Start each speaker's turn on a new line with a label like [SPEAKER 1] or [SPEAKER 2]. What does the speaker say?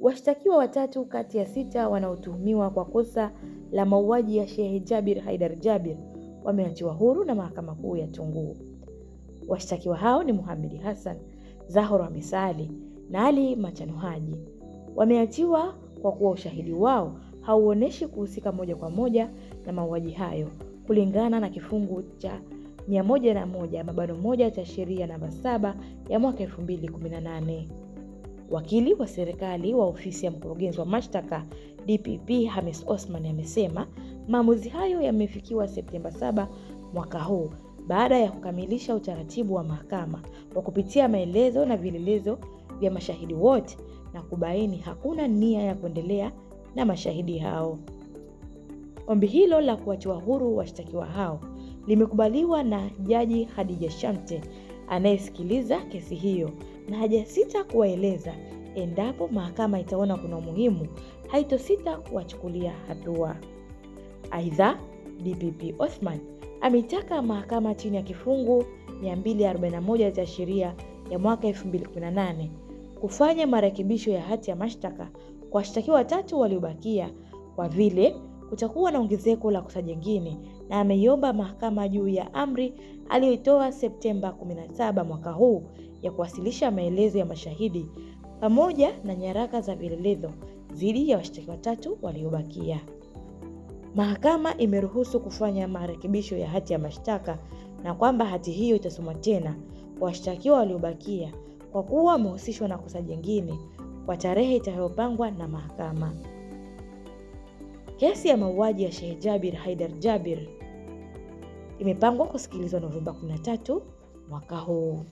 [SPEAKER 1] Washtakiwa watatu kati ya sita wanaotuhumiwa kwa kosa la mauaji ya Sheikh Jabir Haidar Jabir wameachiwa huru na Mahakama Kuu ya Tunguu. Washtakiwa hao ni Muhammad Hassan, Zahra Misali na Ali Machano Haji. Wameachiwa kwa kuwa ushahidi wao hauonyeshi kuhusika moja kwa moja na mauaji hayo kulingana na kifungu cha 101 mabano moja cha sheria namba saba ya mwaka 2018. Wakili wa serikali wa ofisi ya mkurugenzi wa mashtaka DPP Hamis Osman amesema maamuzi hayo yamefikiwa Septemba 7 mwaka huu baada ya kukamilisha utaratibu wa mahakama kwa kupitia maelezo na vielelezo vya mashahidi wote na kubaini hakuna nia ya kuendelea na mashahidi hao. Ombi hilo la kuachiwa huru washtakiwa hao limekubaliwa na Jaji hadija Shamte anayesikiliza kesi hiyo na hajasita kuwaeleza endapo mahakama itaona kuna umuhimu, haitosita kuwachukulia hatua.
[SPEAKER 2] Aidha, DPP Othman
[SPEAKER 1] ameitaka mahakama chini ya kifungu 241 cha sheria ya mwaka 2018 kufanya marekebisho ya hati ya mashtaka kwa washtakiwa watatu waliobakia, kwa vile kutakuwa na ongezeko la kosa jingine na ameiomba mahakama juu ya amri aliyoitoa Septemba 17 mwaka huu ya kuwasilisha maelezo ya mashahidi pamoja na nyaraka za vielelezo dhidi ya washtakiwa watatu waliobakia. Mahakama imeruhusu kufanya marekebisho ya hati ya mashtaka na kwamba hati hiyo itasomwa tena kwa washtakiwa waliobakia kwa kuwa wamehusishwa na kosa jingine kwa tarehe itakayopangwa na mahakama. Kesi ya mauaji ya Sheikh Jabir Haidar Jabir imepangwa kusikilizwa Novemba 13 mwaka huu.